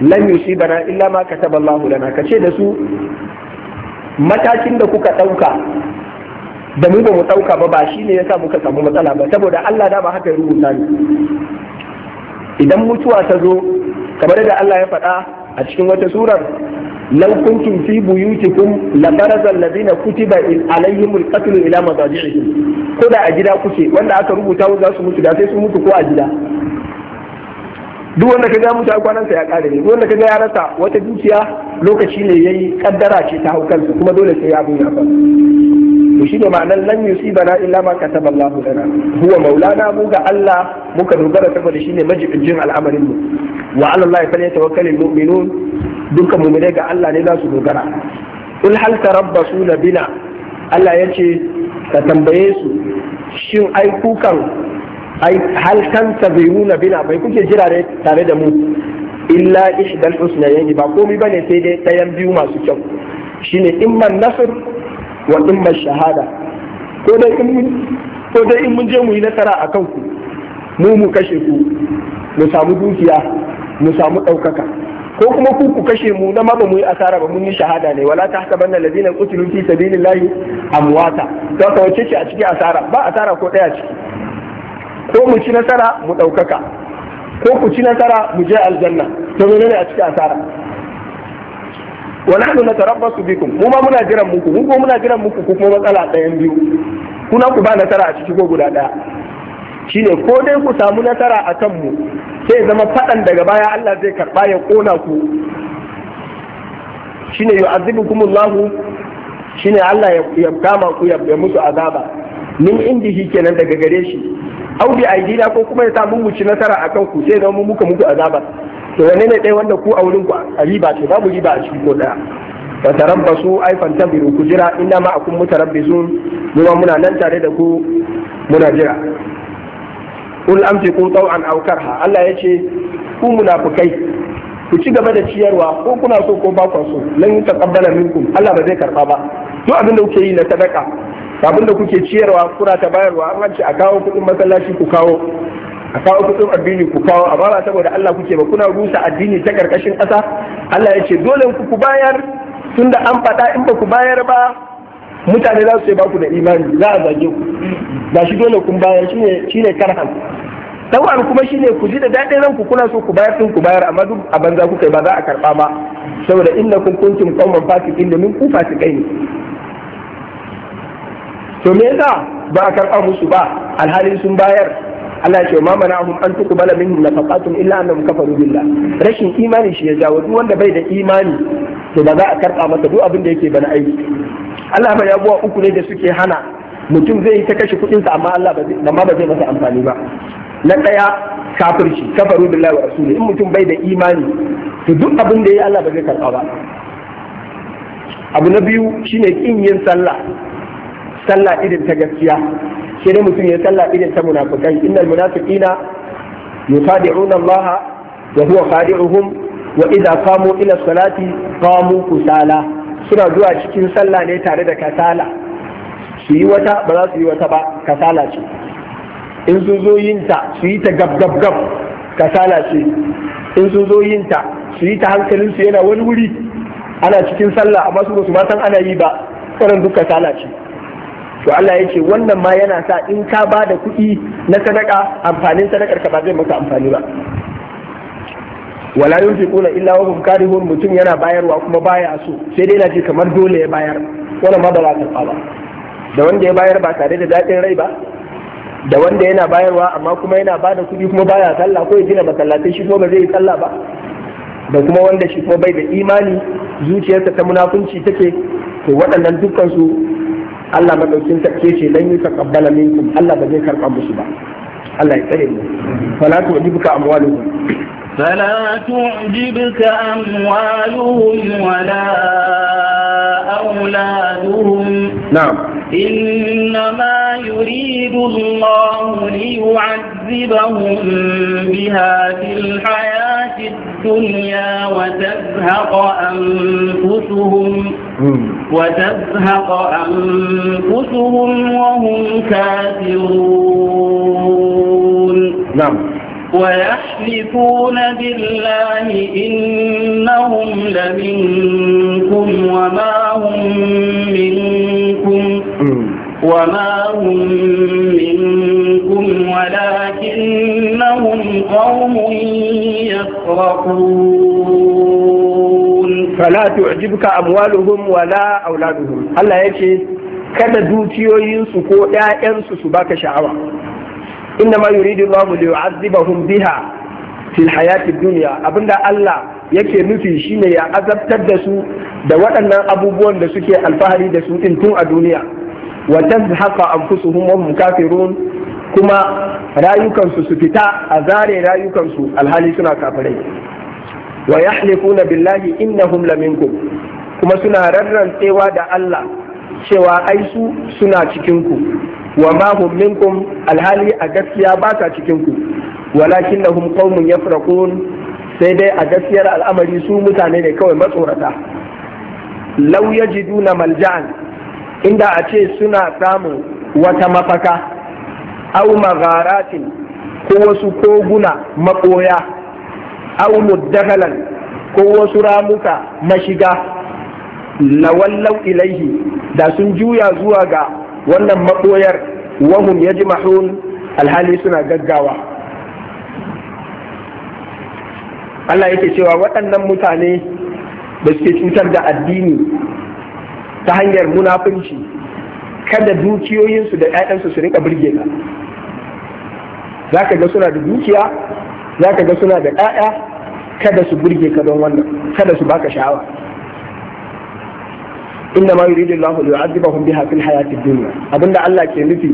lan bana illa ma kataba Allahu lana kace da su matakin da kuka dauka da mu ba mu dauka ba ba shine yasa muka samu matsala ba saboda Allah da ba haka ya rubuta ni idan mutuwa ta zo kamar da Allah ya faɗa a cikin wata surar لو كنتم في بيوتكم لبرز الذين كتب عليهم القتل الى مضاجعهم a اجدا كوشي wanda aka rubuta wa za su mutu da sai su mutu ko a gida duk wanda ka ga mutu sa ya kare ne duk wanda ka ga ya rasa wata dukiya lokaci ne yayi kaddara ce ta hau kansa kuma dole sai abin ya Ba to ne ma'anar lan yusibana illa ma kataba Allahu lana huwa maulana mu ga Allah muka dogara saboda shine majibincin al'amarin mu wa ala Allah falyatawakkalul mu'minun dukkan mu'mine ga Allah ne za su dogara kul hal tarabbasuna bina Allah yace ka tambaye su shin ai kukan ai hal tantaziruna bina bai kuke jira ne tare da mu illa ihdal husnayn ba komai bane sai dai tayan biyu masu kyau shine imma nasr wa imma shahada ko dai in mun ko dai in mun je mu yi nasara a ku, mu mu kashe ku mu samu dukiya mu samu ɗaukaka ko kuma ku ku kashe mu na ma ba mu yi asara ba mun yi shahada ne wala banna ladina qutilu fi sabilillahi amwata to ka wace ce a cikin asara ba asara ko daya ciki ko mu ci nasara mu ɗaukaka ko ku ci nasara mu je aljanna to ne a cikin asara wa nahnu natarabbasu bikum mu ma muna jiran muku mu ko muna jiran muku ko kuma matsala ɗayan biyu kuna ku ba nasara a ciki ko guda ɗaya shine ko dai ku samu nasara a kan mu sai zama faɗan daga baya Allah zai karɓa ya ƙona ku shine yu'azibukumullahu shine Allah ya kama ku ya musu azaba min indihi kenan daga gare shi au bi aidina ko kuma ya sa mun muci nasara kan ku sai zama muka muku azaba to wanne ne dai wanda ku a wurin ku a riba ce babu riba a cikin ko daya wa tarabbasu ay fantabiru ku jira inna ma akum mutarabbisun mu muna nan tare da ku muna jira kul amsiku taw'an aw karha Allah yace ku munafikai ku ci gaba da ciyarwa ko kuna so ko ba ku so lan taqabbala minkum Allah ba zai karba ba duk abin da kuke yi na sadaka abin da kuke ciyarwa kuna ta bayarwa an hanci a kawo kuɗin masallaci ku kawo a kawo kuɗin addini ku kawo amma ba saboda Allah kuke ba kuna rusa addini ta karkashin ƙasa Allah ya ce dole ku ku bayar tunda an faɗa in ba ku bayar ba mutane za su yi ba ku da imani za a zage ku ba shi dole kun bayar shine shine karhan tawar kuma shine ku ji da daɗin ranku kuna so ku bayar tun ku bayar amma duk a banza kuka ba za a karɓa ba saboda innakum kuntum qauman fasiqin da min ku fasikai ne to me yasa ba a karɓa musu ba alhalin sun bayar Allah ce ma hum an tuqbala minhum nafaqatun illa annahum kafaru billah rashin imani shi ya jawo duk wanda bai da imani to ba za a karɓa masa duk abin da yake bana aiki Allah bai abuwa uku ne da suke hana mutum zai yi ta kashe sa amma Allah ba zai masa amfani ba na ɗaya kafirci kafaru billahi wa rasuli in mutum bai da imani to duk abin da yayi Allah ba zai karɓa ba abu na biyu shine kin yin sallah sallah irin ta gaskiya shi ne mutum ya sallah irin ta munafikai innal munafiqina yusadi'una Allah wa huwa khadi'uhum wa idza qamu ila salati qamu kusala suna zuwa cikin sallah ne tare da kasala su yi wata ba za su yi wata ba kasala ce in sun zo yin ta su yi ta gab gab gab kasala ce in sun zo yin ta su yi ta hankalin su yana wani wuri ana cikin sallah amma su ba san ana yi ba wannan duk kasala ce to Allah ya ce wannan ma yana sa in ka ba da kuɗi na sadaka amfanin sadakar ka ba zai maka amfani ba wala yunfiquna illa wa hum karihun mutum yana bayarwa kuma baya so sai dai yana ji kamar dole ya bayar wannan ma ba za ta ba da wanda ya bayar ba tare da daɗin rai ba da wanda yana bayarwa amma kuma yana ba da kuɗi kuma baya sallah ko ya gina masallatai shi kuma ba zai yi sallah ba da kuma wanda shi kuma bai da imani zuciyarsa ta munafunci take to waɗannan dukkan su Allah madaukin sarki ce lan yutaqabbala minkum Allah ba zai karba musu ba Allah ya tsare mu fala tu tu'jibuka amwaluhum فلا تعجبك أموالهم ولا أولادهم نعم إنما يريد الله ليعذبهم بها في الحياة في الدنيا وتزهق أنفسهم وتزهق أنفسهم وهم كافرون نعم ويحلفون بالله إنهم لمنكم وما هم منكم وما هم منكم ولكن قوم يفرقون فلا تعجبك أموالهم ولا أولادهم الله يكي kada dukiyoyinsu ko ‘ya'yansu su baka sha'awa inna ma yuridu Allahu li yu'azzibahum biha fil hayati dunya abinda Allah yake nufi shine ya azabtar da su da waɗannan abubuwan da suke alfahari da su ɗin tun a duniya wa tazhaqa anfusuhum wa hum kafirun kuma rayukansu su fita a zare rayukansu alhali suna kafirai wa yahlifuna billahi innahum laminkum kuma suna rarrantsewa da Allah cewa ai su suna cikinku wa ma hum minkum alhali a gaskiya ba ta cikinku walakinnahum qaumun yafraqun sai dai a gaskiyar al'amari su mutane ne kawai matsorata law yajiduna malja'an inda a ce suna samun wata mafaka au magharatin ko wasu koguna maɓoya au muddakalan ko wasu ramuka mashiga lawallau ilaihi da sun juya zuwa ga wannan maɓoyar ji yajma'un alhali suna gaggawa Allah yake cewa waɗannan mutane da suke cutar da addini ta hanyar munafunci kada dukiyoyinsu da 'ya'yansu su rika birge ka za ka ga suna da dukiya za ka ga suna da ɗaya kada su burge ka don wannan kada su baka sha'awa inda ma yuridu Allah li yu'adhibahum biha fil hayati dunya abinda Allah ke nufi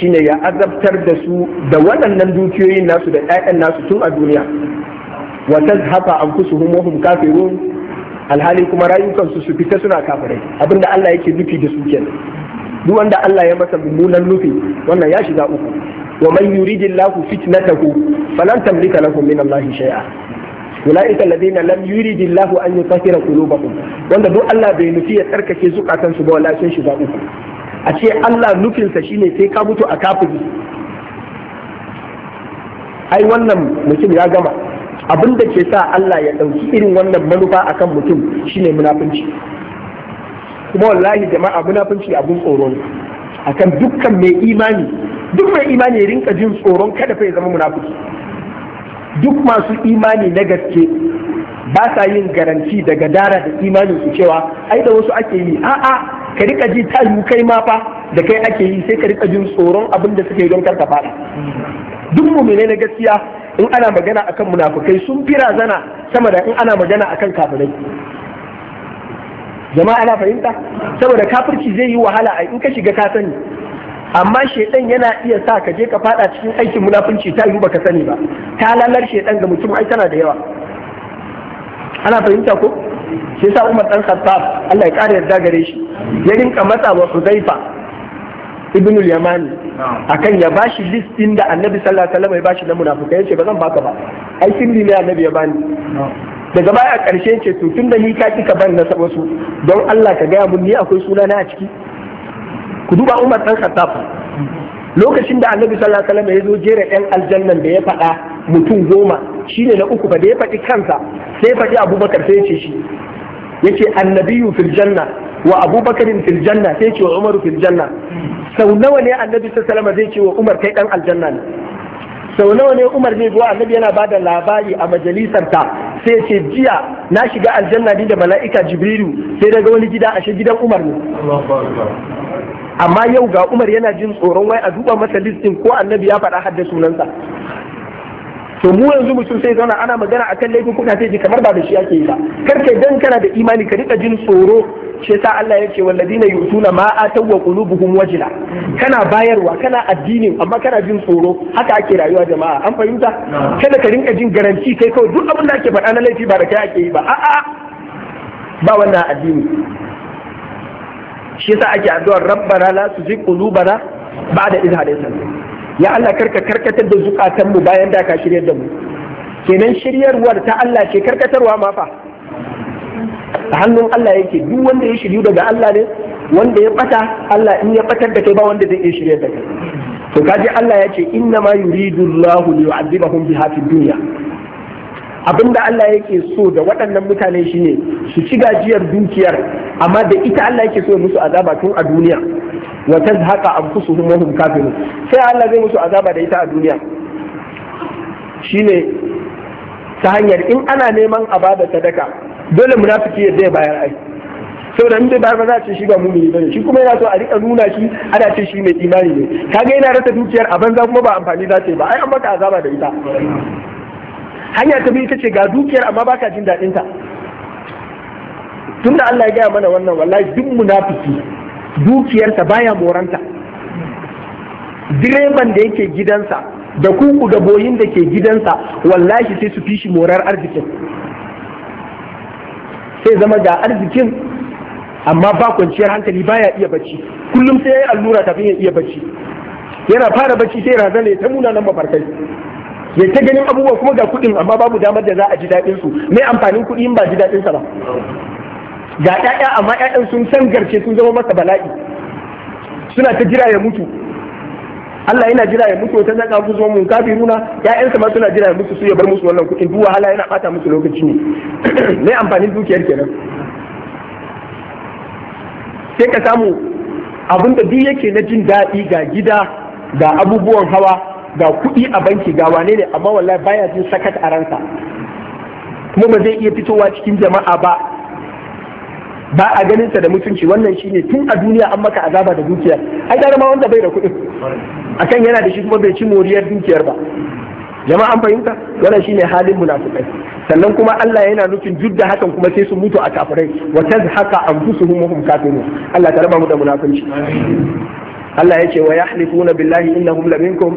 shine ya azabtar da su da waɗannan dukiyoyin nasu da ɗayan nasu tun a duniya wa tazhafa anfusuhum wa hum kafirun alhali kuma rayukansu su fita suna kafirai abinda Allah yake nufi da su kenan duk wanda Allah ya masa mummunan nufi wannan ya shiga uku wa man Allahu fitnatahu falan tamlika lahu min Allahi shay'a ulaika alladhina lam Allahu an yutahhira qulubahum wanda duk Allah bai nufi ya tsarkake zukatan su ba wallahi sun shiga uku a ce Allah nufinsa shine sai ka mutu a kafiri ai wannan mutum ya gama abinda da ke sa Allah ya ɗauki irin wannan manufa akan mutum shine munafunci kuma wallahi jama'a munafunci abun tsoro ne akan dukkan mai imani duk mai imani ya rinka jin tsoron kada fa ya zama munafuki. duk masu imani na gaske ba sa yin garanti daga dara da imani su cewa ai da wasu ake yi a'a ka rika ji ta yi kai ma fa da kai ake yi sai ka rika jin tsoron abin da suke don karka fada duk mumine na gaskiya in ana magana akan munafukai sun fi razana sama da in ana magana akan kafirai jama'a ana fahimta saboda kafirci zai yi wahala a in ka shiga ka sani amma shedan yana iya sa ka je ka fada cikin aikin munafunci ta yi baka sani ba ta lalar shedan ga mutum ai tana da yawa ana fahimta ko shi yasa Umar dan Khattab Allah ya kare yarda gare shi ya rinka matsa wa Hudayfa ibn al-Yamani akan ya bashi list din da Annabi sallallahu alaihi wasallam ya bashi na munafukai yace ba zan baka ba ai sirri ne Annabi ya bani daga baya a ƙarshe ce to tun da ni ka kika ban na saba su don Allah ka gaya mun ni akwai suna na a ciki ku duba Umar dan Khattab lokacin da Annabi sallallahu alaihi wasallam ya zo jera ɗan aljannan da ya faɗa mutum goma shine na uku ba da ya faɗi kansa sai faɗi Abubakar sai ya ce shi yace annabiyu fil janna wa Abubakar fil janna sai ya ce wa Umar fil janna sau nawa ne Annabi sallallahu alaihi wasallam zai ce wa Umar kai ɗan aljanna ne sau nawa ne Umar zai zo annabi yana ba da labari a majalisar ta sai ce jiya na shiga aljanna ni da mala'ika Jibrilu sai daga wani gida ashe gidan Umar ne amma yau ga Umar yana jin tsoron wai a duba masa listin ko annabi ya faɗa hadda sunansa to mu yanzu mutum sai zauna ana magana a kan laifin kuka sai kamar ba da shi ake yi ba kar kai dan kana da imani ka rika jin tsoro shi yasa Allah ya ce ladina yutuna ma atawwa qulubuhum wajila kana bayarwa kana addini amma kana jin tsoro haka ake rayuwa jama'a an fahimta kada ka rinka jin garanti kai kawai duk abin da ake faɗa na laifi ba da kai ake yi ba a'a ba wannan addini shi yasa ake addu'ar rabbana la tuzigh qulubana ba'da idh hadaytana ya Allah karka karkatar da zukatan mu bayan da ka shiryar da mu kenan shiryarwar ta Allah ce karkatarwa ma fa a hannun Allah yake duk wanda ya shiryu daga Allah ne wanda ya bata Allah in ya batar da kai ba wanda zai iya shiryar da kai to kaji Allah ya ce inna ma yuridu Allah li yu'adhibahum biha fid dunya abinda Allah yake so da waɗannan mutane shine su ci gajiyar dukiyar amma da ita Allah yake so musu azaba tun a duniya wa tazhaqa anfusuhum wa hum kafirun sai Allah zai musu azaba da ita a duniya shine ta hanyar in ana neman a bada sadaka dole munafiki ya a bayar ai saboda in bai bayar ba za a ce shi ba mumini bane shi kuma yana so a rika nuna shi ana ce shi mai imani ne kaga yana rata dukiyar a banza kuma ba amfani za ta yi ba ai an baka azaba da ita hanya ta biyu ita ce ga dukiyar amma baka jin daɗin ta tunda Allah ya gaya mana wannan wallahi duk munafiki dukiyarsa baya moranta direban da yake gidansa da kuku da boyin da ke gidansa wallahi sai su fi shi morar arzikin sai zama ga arzikin amma ba kwanciyar hankali baya iya bacci kullum sai ya yi allura kafin ya iya bacci yana fara bacci sai razana ya ta munanan mafarkai ya ta ganin abubuwa kuma ga kuɗin amma babu damar da za a ji daɗinsu mai amfanin kuɗi ba ji daɗinsa ba ga ƴaƴa amma ƴaƴan sun sangarce sun zama masa bala'i suna ta jira ya mutu Allah yana jira ya mutu ta zaka ku zo mun kafiruna ƴaƴansa ma suna jira ya mutu su ya bar musu wannan kuɗin duk wahala yana bata musu lokaci ne mai amfanin dukiyar kenan sai ka samu abin da duk yake na jin daɗi ga gida ga abubuwan hawa ga kuɗi a banki ga wane ne amma wallahi baya jin sakat a ransa kuma ba zai iya fitowa cikin jama'a ba ba a ganin sa da mutunci wannan shine tun a duniya an maka azaba da dukiya ai ma wanda bai da kuɗin akan yana da shi kuma bai ci moriyar dukiyar ba jama'a an fahimta wannan shine halin munafikai sannan kuma Allah yana nufin duk hakan kuma sai su mutu a kafirai wa tazhaqa anfusuhum wa hum kafirun Allah ta raba mu da munafici Allah ya ce wa yahlifuna billahi innahum minkum?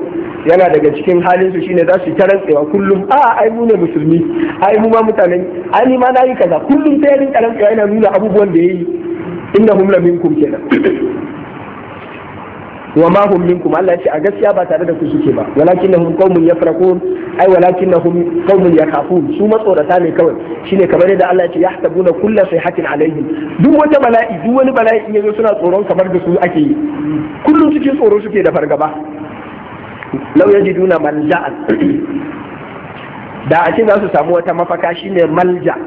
yana daga cikin halin su shine za su ta rantsewa kullum a ah, ai mu ne musulmi ai mu ma mutane ai ni ma na yi kaza kullum sai rin yana nuna abubuwan da yayi innahum minkum kenan wa ma hum minkum Allah ce a gaskiya ba tare da ku suke ba walakinnahum qaumun yafraqun ai walakinnahum qaumun yakhafun su matsorata ne kawai shine kamar yadda Allah ya ce yahtabuna kullu sayhatin alaihim duk wata bala'i duk wani bala'i in yazo suna tsoron kamar da su ake yi kullum cikin tsoro suke da fargaba law yajiduna malja'an da a ce za su samu wata mafaka shine malja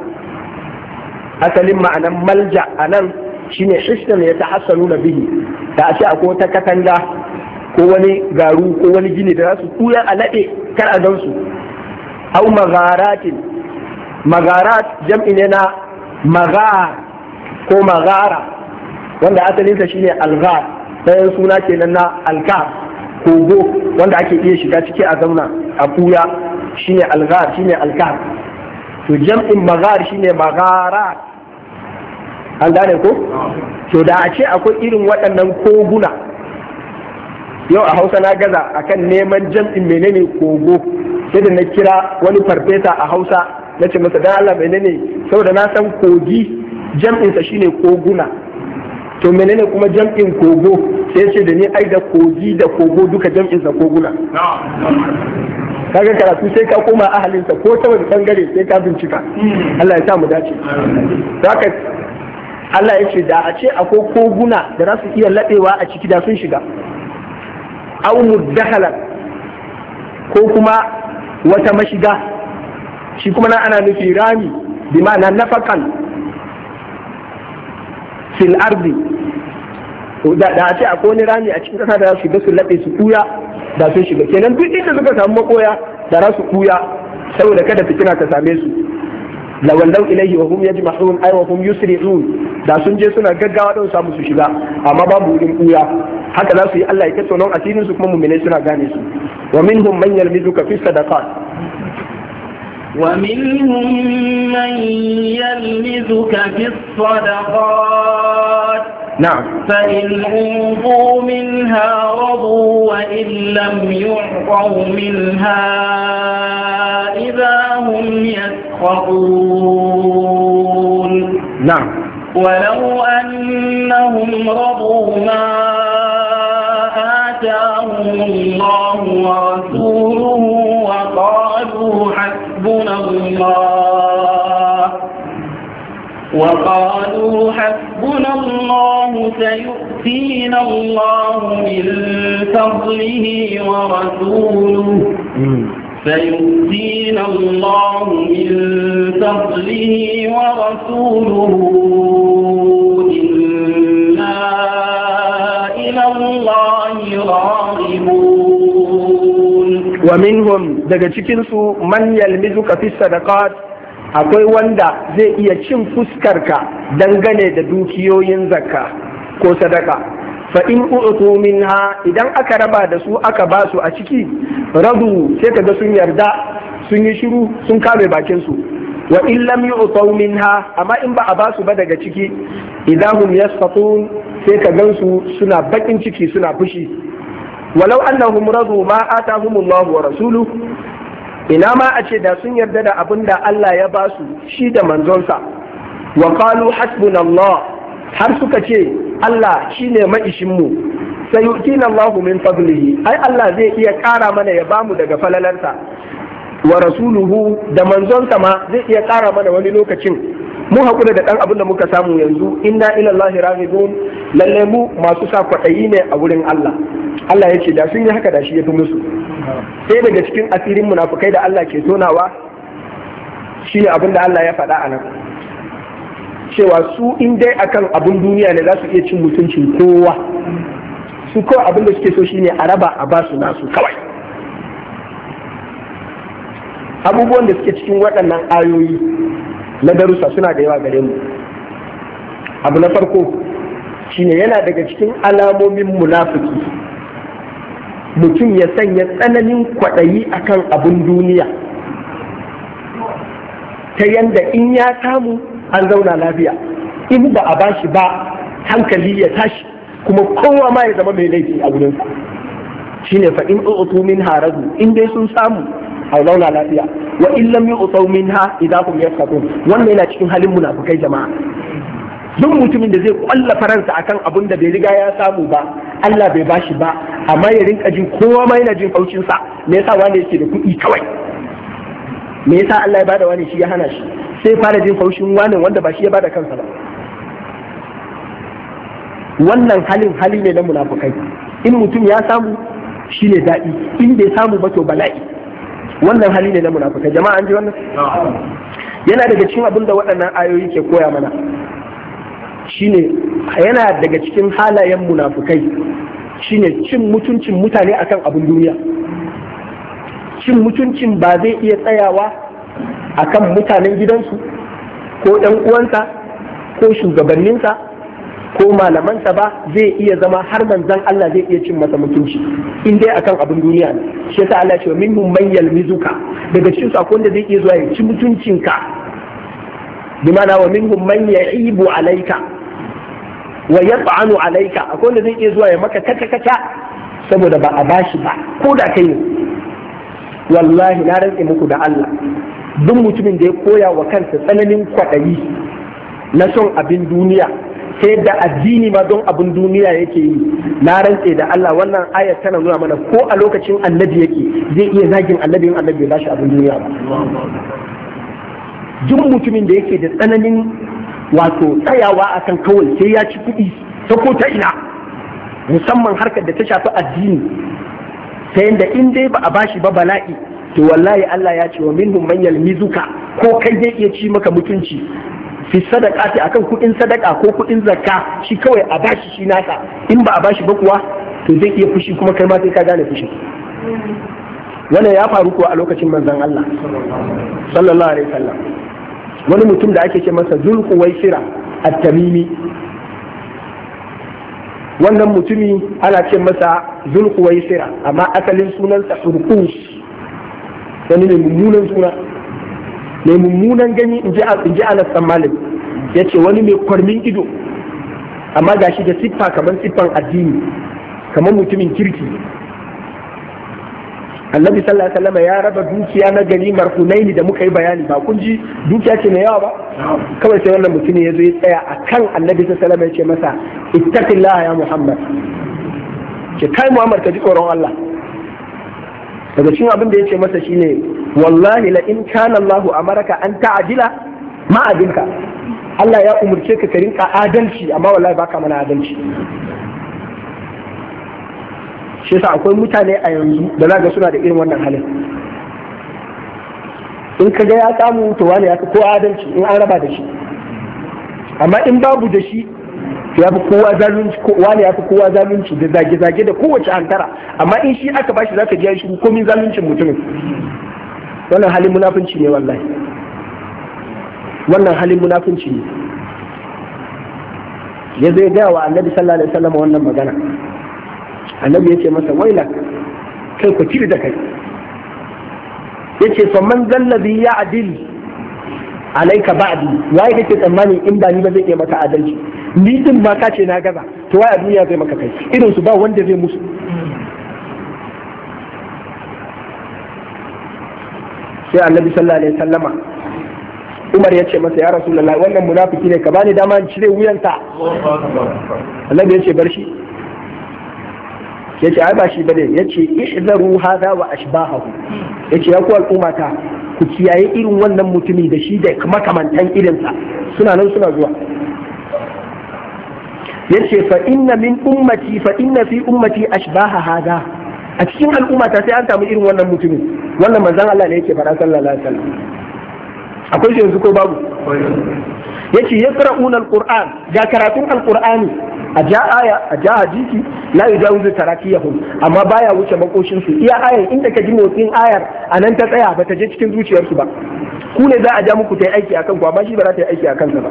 asalin ma'anan malja anan shine hisnan ya hassanu na bihi da a akwai wata katanga ko wani garu ko wani gini da za su kuya a naɗe kar a gansu au Magaratin, magarat jam'i ne na maghar ko Magara wanda asalinsa shine Algar. ɗayan suna kenan na alkar kogo wanda ake iya shiga ciki a zauna a kuya shine Algar, shine alkar to jam'in magar shine Magara. an gane ko to da a ce akwai irin waɗannan koguna yau a hausa na gaza akan neman jam'in menene kogo sai da na kira wani farfesa a hausa na ce masa dan Allah menene saboda na san kogi jam'insa shine koguna to menene kuma jam'in kogo sai ce da ni ai da kogi da kogo duka jam'insa koguna kaga karatu sai ka koma ahalinsa ko ta wani bangare sai ka bincika hmm. Allah ya sa mu dace Allah ya ce da a ce akwai koguna da za su iya laɓewa a ciki da sun shiga au muddahala ko kuma wata mashiga shi kuma nan ana nufi rami bi ma'ana nafakan fil ardi da a ce akwai wani rami a cikin ƙasa da za su shiga su laɓe su kuya da sun shiga kenan duk inda suka samu makoya da za su kuya saboda kada fitina ta same su lawallau ilaihi wa hum yajma'un ay wa hum yusri'un da sun je suna gaggawa don samu su shiga amma babu wurin buya haka za su yi Allah ya kace asirin su kuma mu'minai suna gane su wa minhum man yalmizuka fi sadaqat ومنهم من يلمزك في الصدقات نعم فإن أوفوا منها رضوا وإن لم يعطوا منها إذا هم يسخطون نعم ولو أنهم رضوا ما آتاهم الله ورسوله وقالوا حتى دون الله وقالوا حسبنا الله سيؤتينا الله من فضله ورسوله سيؤتينا الله من فضله ورسوله wa minhum daga cikin su man yalmizuka fi akwai wanda zai iya cin fuskar ka dangane da dukiyoyin zakka ko sadaka fa in u'tu minha idan aka raba da su aka ba su a ciki radu sai kaga sun yarda sun yi shiru sun kame bakin su wa in lam yu'tu minha amma in ba a ba su ba daga ciki idahum yasfatun sai ka gansu suna bakin ciki suna fushi walau annahum radu ma atahum Allah wa rasulu ina ma a ce da sun yarda da abin da Allah ya ba su shi da manzonsa wa hasbunallah har suka ce Allah shine maishin mu sayutina Allahu min fadlihi ai Allah zai iya kara mana ya bamu daga falalarsa wa rasuluhu da manzonsa ma zai iya kara mana wani lokacin mu haƙura da ɗan abin da muka samu yanzu inna ila Allahi raghibun lalle mu masu sa kwaɗayi ne a wurin Allah Allah ya ce da sun yi haka da shi ya fi musu sai daga cikin asirin munafukai da Allah ke tonawa shi ne abin da Allah ya faɗa a nan cewa su in dai akan abin duniya ne za su iya cin mutuncin kowa su ko abin da suke so shine a raba a basu nasu kawai abubuwan da suke cikin waɗannan ayoyi na darussa suna da yawa gare mu abu na farko shine yana daga cikin alamomin munafuki, mutum ya sanya tsananin kwaɗayi akan abin duniya ta yadda in ya samu an zauna lafiya in ba a bashi ba hankali ya tashi kuma kowa ma ya zama mai laifi a wurinsa shine fa in utu min harazu in dai sun samu a zauna lafiya wa in yu'tau yu'taw minha idahum yaskatun wannan yana cikin halin munafikai jama'a duk mutumin da zai kwalla faransa akan abin da bai riga ya samu ba Allah bai bashi ba amma ya rinka jin kowa ma yana jin kaucin sa me yasa wani yake da kuɗi kawai me yasa Allah ya bada wani shi ya hana shi sai fara jin faushin wani wanda ba shi ya bada kansa ba wannan halin hali ne na munafukai in mutum ya samu shine daɗi in bai samu ba to bala'i wannan hali ne na munafuka jama'a an ji wannan yana daga cikin abin da waɗannan ayoyi ke koya mana shine yana daga cikin halayen munafukai shine cin mutuncin mutane akan abin duniya cin mutuncin ba zai iya tsayawa akan mutanen gidansu ko ɗan uwansa ko shugabanninsa ko malamansa ba zai iya zama har manzon Allah zai iya cin masa mutunci in dai akan abin duniya ne shi yasa Allah ya min mun bayyal mizuka daga cikin su akwai wanda zai iya zuwa ya ci ka. bimana wa minhum man ya'ibu alaika wa yat'anu alaika akwai wanda zai iya zuwa ya maka kaka kaka saboda ba a bashi ba ko da kai ne wallahi na rantse muku da Allah duk mutumin da ya koya wa kansa tsananin kwaɗayi na son abin duniya sai da addini ma don abin duniya yake yi na rantse da Allah wannan ayar tana nuna mana ko a lokacin annabi yake zai iya zagin annabi in annabi ba shi abin duniya ba duk mutumin da yake da tsananin wato tsayawa akan kawai sai ya ci kuɗi ta ko ta ina musamman harkar da ta shafi addini sai da in dai ba a bashi ba bala'i to wallahi Allah ya ce wa minhum man yalmizuka ko kai zai iya ci maka mutunci fi sadaqati akan kuɗin sadaka ko kuɗin zakka shi kawai a bashi shi nasa in ba a bashi ba kuwa to zai iya fushi kuma kai ma sai ka gane fushi wannan ya faru kuwa a lokacin manzon Allah sallallahu alaihi wasallam wani mutum da ake ce masa zulku sira at-tamimi wannan mutumi ana ce masa zulku wai sira amma asalin sunansa hurqus wani ne mummunan suna mai mummunan gani in ji ala dan ya ce wani mai kwarmin ido amma ga shi da siffa kamar siffan addini kamar mutumin kirki annabi sallallahu alaihi wasallam ya raba dukiya na ganimar hunaini da muka yi bayani ba kun ji dukiya ce mai yawa ba kawai sai wannan mutum ya zo ya tsaya akan annabi sallallahu alaihi wasallam ya ce masa ittaqillaha ya muhammad ce kai muhammad ka ji tsoron Allah daga cikin abin da ya ce masa shine wallahi la in kana Allahu amaraka an ta'dila ma abinka Allah ya umurce ka ka rinka adalci amma wallahi baka mana adalci shi yasa akwai mutane a yanzu da za suna da irin wannan halin in ka ga ya samu to wani ya ko adalci in an raba da shi amma in babu da shi ya fi kowa zalunci wani ya fi kowa zalunci da zage-zage da kowace hankara amma in shi aka bashi za ji ya shi komin zaluncin mutumin wannan halin munafunci ne wallahi wannan halin munafunci ne ya zai gaya wa annabi sallallahu alaihi wasallam wannan magana annabi ya ce masa waila kai ku tiri da kai Ya ce fa man zallabi ya adil alaika ba'di wai kake tsammani in ba ni ba zai iya maka adalci ni din ma ka ce na gaza to wai a duniya zai maka kai irin su ba wanda zai musu sai annabi sallallahu alaihi wasallama Umar ya ce masa ya Rasulullahi wannan munafiki ne ka bani dama in cire wuyansa annabi ya ce bar shi ya ce ai ba shi bane ya ce ihzaru hadha wa ashbahahu ya ce ya ku al'ummata ku kiyaye irin wannan mutumi da shi da makamantan irinsa suna nan suna zuwa ya ce fa inna min ummati fa inna fi ummati ashbaha hada a cikin al'ummata sai an samu irin wannan mutumin wannan manzon Allah ne yake faɗa sallallahu alaihi wasallam akwai shi yanzu ko babu yace yaqra'una alquran ga karatun alqurani a ja aya a ja hadisi la yujawizu tarakiyahum amma baya wuce makoshin su iya aya inda ka ji motsin ayar anan ta tsaya ba ta je cikin zuciyarsu ba ku ne za a ja muku ta yi aiki akan ku amma shi ba za ta yi aiki akan sa ba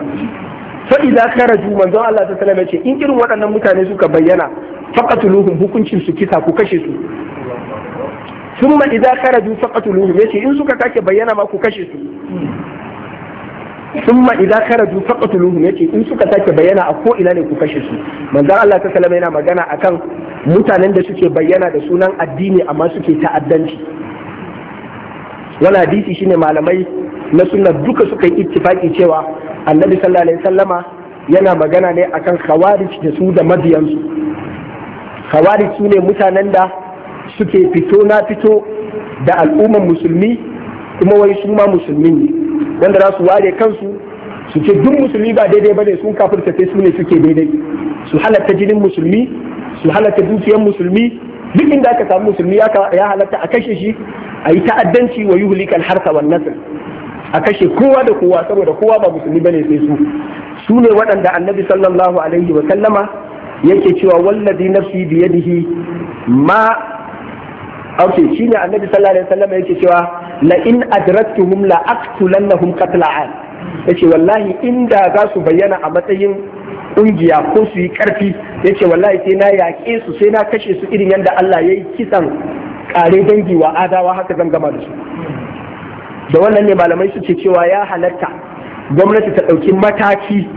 fa idza kharaju manzo Allah ta sallama ce in irin waɗannan mutane suka bayyana faqatuluhum hukuncin su kisa ku kashe su thumma idza kharaju faqatuluhum yace in suka take bayyana ma ku kashe su thumma idza kharaju faqatuluhum yace in suka take bayyana a ko ina ne ku kashe su manzon Allah ta sallama yana magana akan mutanen da suke bayyana da sunan addini amma suke ta'addanci wani hadisi shine malamai na sunna duka suka yi ittifaki cewa annabi sallallahu sallama yana magana ne akan khawarij da su da mabiyansu khawarij sune mutanen da suke fito na fito da al'umman musulmi kuma wai su ma musulmi ne wanda za su ware kansu su ce duk musulmi ba daidai bane sun kafirta sai su ne suke daidai su halatta jinin musulmi su halatta dukiyar musulmi duk inda aka samu musulmi ya halatta a kashe shi a yi ta'addanci wa yuhlikal harsa wan nasr a kashe kowa da kowa saboda kowa ba musulmi bane sai su su ne waɗanda annabi sallallahu alaihi wa sallama yake cewa wallazi nafsi biyadihi ma ok shine annabi sallallahu alaihi wasallam yake cewa la in adraktuhum la aqtulannahum qatla'an yace wallahi inda za su bayyana a matsayin ƙungiya ko su yi karfi yace wallahi sai na yaƙe su sai na kashe su irin yadda Allah ya yi kisan ƙare dangi wa adawa haka zan gama da su da wannan ne malamai su ce cewa ya halatta gwamnati ta ɗauki mataki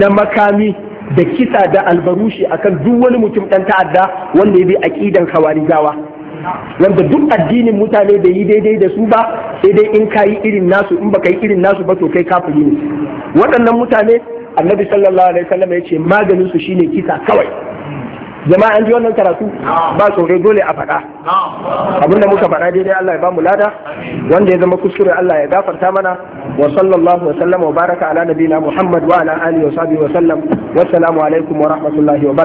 na makami da kisa da albarushi akan duk wani mutum ɗan ta'adda wanda ya bi aƙidan kawarijawa wanda duk addinin mutane bai yi daidai da su ba sai dai in ka yi irin nasu in baka yi irin nasu ba to kai kafiri ne waɗannan mutane annabi sallallahu alaihi wasallam ya ce maganin su shine kisa kawai jama'a an ji wannan karatu ba saurai dole a faɗa abinda muka faɗa daidai Allah ya bamu lada wanda ya zama kuskure Allah ya gafarta mana wa sallallahu wa sallama wa baraka ala nabiyina Muhammad wa ala alihi wa sahbihi wa sallam wassalamu alaikum wa rahmatullahi wa